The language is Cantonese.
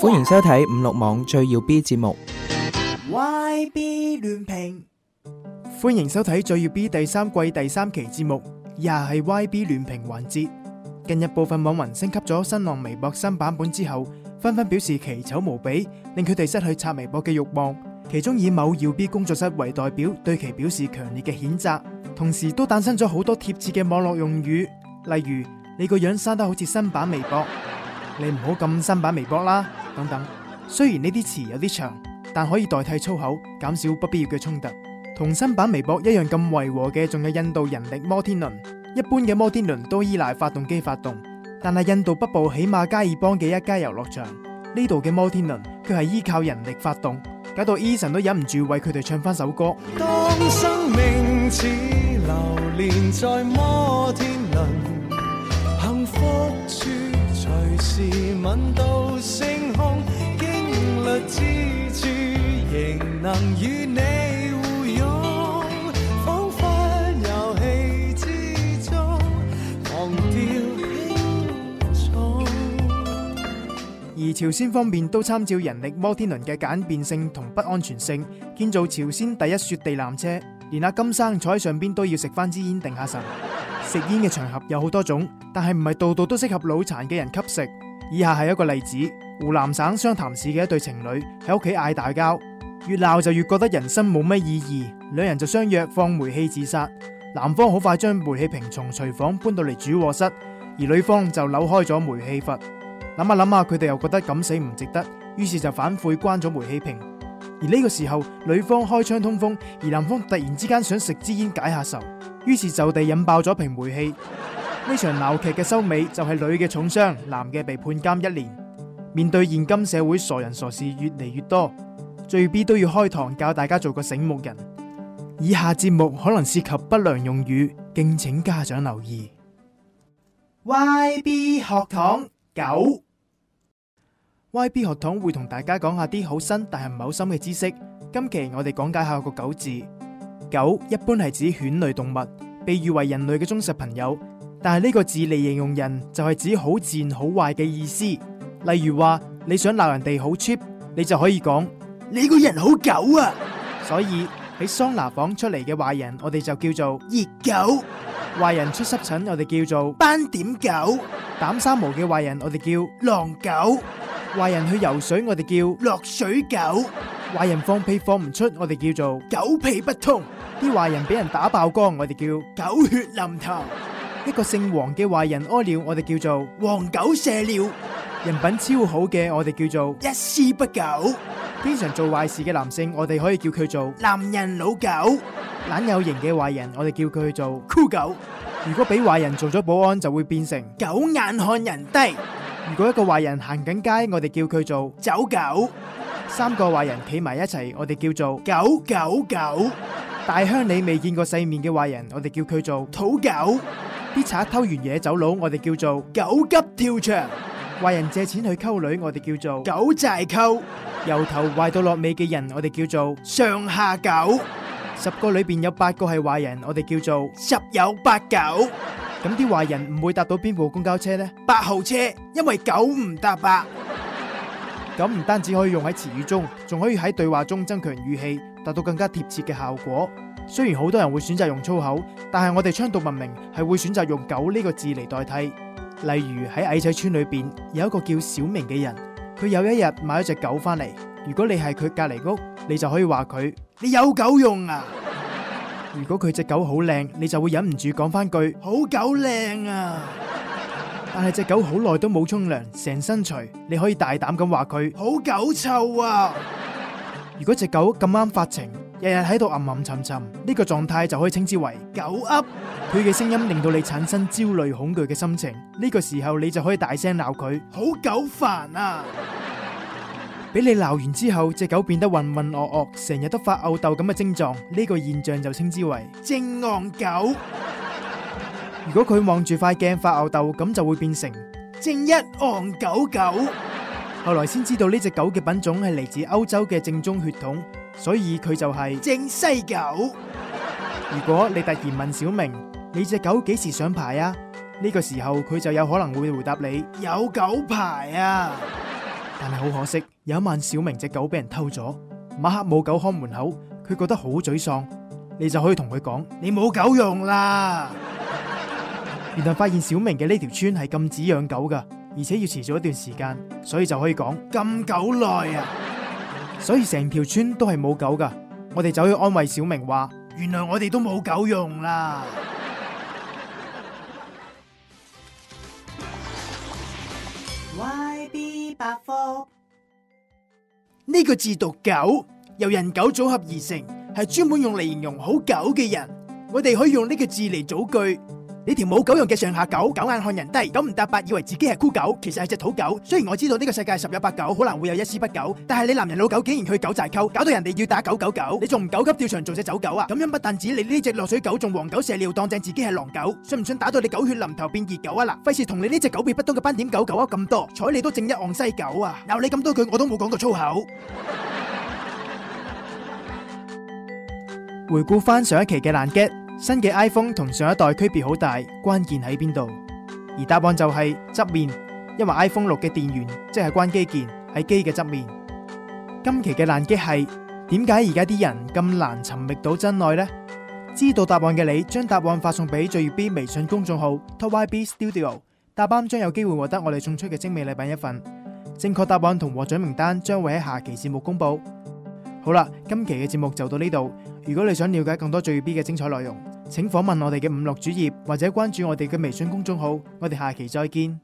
歡迎收睇《五六網最要 B 節目》YB 亂評。歡迎收睇《最要 B 第三季第三期節目》，又係 YB 亂評環節。近日部分網民升級咗新浪微博新版本之後，紛紛表示奇醜無比，令佢哋失去刷微博嘅慾望。其中以某 YB 工作室為代表，對其表示強烈嘅譴責。同時都誕生咗好多貼切嘅網絡用語，例如你個樣生得好似新版微博，你唔好咁新版微博啦。等等，雖然呢啲詞有啲長，但可以代替粗口，減少不必要嘅衝突。同新版微博一樣咁違和嘅，仲有印度人力摩天輪。一般嘅摩天輪都依賴發動機發動，但係印度北部喜馬加爾邦嘅一家遊樂場，呢度嘅摩天輪卻係依靠人力發動，搞到 Eason 都忍唔住為佢哋唱翻首歌。當生命似流連在摩天輪幸福處隨時吻到聲能與你互遊戲之中。而朝鮮方面都參照人力摩天輪嘅簡便性同不安全性，建造朝鮮第一雪地纜車。連阿金生坐喺上邊都要食翻支煙定下神。 食煙嘅場合有好多種，但係唔係度度都適合腦殘嘅人吸食。以下係一個例子：湖南省湘潭市嘅一對情侶喺屋企嗌大交。越鬧就越覺得人生冇咩意義，兩人就相約放煤氣自殺。男方好快將煤氣瓶從廚房搬到嚟主臥室，而女方就扭開咗煤氣閥。諗下諗下，佢哋又覺得咁死唔值得，於是就反悔關咗煤氣瓶。而呢個時候，女方開窗通風，而男方突然之間想食支煙解下愁，於是就地引爆咗瓶煤氣。呢 場鬧劇嘅收尾就係女嘅重傷，男嘅被判監一年。面對現今社會，傻人傻事越嚟越多。最 B 都要開堂教大家做個醒目人。以下節目可能涉及不良用語，敬請家長留意。Y B 學堂狗。Y B 學堂會同大家講下啲好新但係唔好深嘅知識。今期我哋講解一下個狗字。狗一般係指犬類動物，被譽為人類嘅忠實朋友。但係呢個字嚟形容人就係指好賤好壞嘅意思。例如話你想鬧人哋好 cheap，你就可以講。你個人好狗啊！所以喺桑拿房出嚟嘅壞人，我哋就叫做熱狗；壞人出濕疹，我哋叫做斑點狗；膽三毛嘅壞人，我哋叫狼狗；壞人去游水，我哋叫落水狗；壞人放屁放唔出，我哋叫做狗屁不通；啲壞人俾人打爆缸，我哋叫狗血淋頭；一個姓黃嘅壞人屙尿，我哋叫做黃狗射尿；人品超好嘅，我哋叫做一絲不苟。經常做壞事嘅男性，我哋可以叫佢做男人老狗；懶有型嘅壞人，我哋叫佢做酷狗。如果俾壞人做咗保安，就會變成狗眼看人低。如果一個壞人行緊街，我哋叫佢做走狗。三個壞人企埋一齊，我哋叫做狗狗狗。大鄉里未見過世面嘅壞人，我哋叫佢做土狗。啲賊偷完嘢走佬，我哋叫做狗急跳牆。壞人借錢去溝女，我哋叫做狗債溝。由頭壞到落尾嘅人，我哋叫做上下九。十個裏邊有八個係壞人，我哋叫做十有八九。咁啲壞人唔會搭到邊部公交車呢？八號車，因為九唔搭八。咁唔單止可以用喺詞語中，仲可以喺對話中增強語氣，達到更加貼切嘅效果。雖然好多人會選擇用粗口，但係我哋倡導文明，係會選擇用狗呢個字嚟代替。例如喺矮仔村裏邊有一個叫小明嘅人。佢有一日買咗隻狗翻嚟，如果你係佢隔籬屋，你就可以話佢：你有狗用啊！如果佢隻狗好靚，你就會忍唔住講翻句：好狗靚啊！但係隻狗好耐都冇沖涼，成身除，你可以大膽咁話佢：好狗臭啊！如果隻狗咁啱發情。日日喺度吟吟沉沉，呢個狀態就可以稱之為狗噏。佢嘅聲音令到你產生焦慮恐懼嘅心情，呢個時候你就可以大聲鬧佢，好狗煩啊！俾你鬧完之後，隻狗變得渾渾噩噩，成日都發吽斗咁嘅症狀，呢個現象就稱之為正昂狗。如果佢望住塊鏡發吽斗，咁就會變成正一昂狗狗。後來先知道呢隻狗嘅品種係嚟自歐洲嘅正宗血統，所以佢就係正西狗。如果你突然問小明，你隻狗幾時上牌啊？呢個時候佢就有可能會回答你有狗牌啊。但係好可惜，有一晚小明隻狗俾人偷咗，晚黑冇狗看門口，佢覺得好沮喪。你就可以同佢講，你冇狗用啦。原來發現小明嘅呢條村係禁止養狗噶。而且要持續一段時間，所以就可以講咁久耐啊！所以成條村都係冇狗㗎。我哋走去安慰小明話：原來我哋都冇狗用啦。Y B 百科呢個字讀狗，由人狗組合而成，係專門用嚟形容好狗嘅人。我哋可以用呢個字嚟組句。.你條冇狗用嘅上下狗，狗眼看人低，狗唔搭八，以為自己係酷狗，其實係隻土狗。雖然我知道呢個世界十有八九可能會有一絲不苟，但係你男人老狗竟然去狗寨溝，搞到人哋要打狗狗狗，你仲唔狗急跳牆做隻走狗啊？咁樣不但止你呢隻落水狗，仲黃狗射尿，當正自己係狼狗，信唔信打到你狗血淋頭變熱狗啊？嗱，費事同你呢隻狗別不通嘅斑點狗狗啊咁多，睬你都正一戇西狗啊！鬧你咁多句，我都冇講過粗口。回顧翻上一期嘅爛 gag。新嘅 iPhone 同上一代區別好大，關鍵喺邊度？而答案就係側面，因為 iPhone 六嘅電源，即係關機鍵喺機嘅側面。今期嘅難題係，點解而家啲人咁難尋覓到真愛呢？知道答案嘅你，將答案發送俾最耀 B 微信公眾號 TOP YB Studio，答啱將有機會獲得我哋送出嘅精美禮品一份。正確答案同獲獎名單將會喺下期節目公布。好啦，今期嘅節目就到呢度。如果你想了解更多最 B 嘅精彩內容，請訪問我哋嘅五六主頁或者關注我哋嘅微信公眾號，我哋下期再見。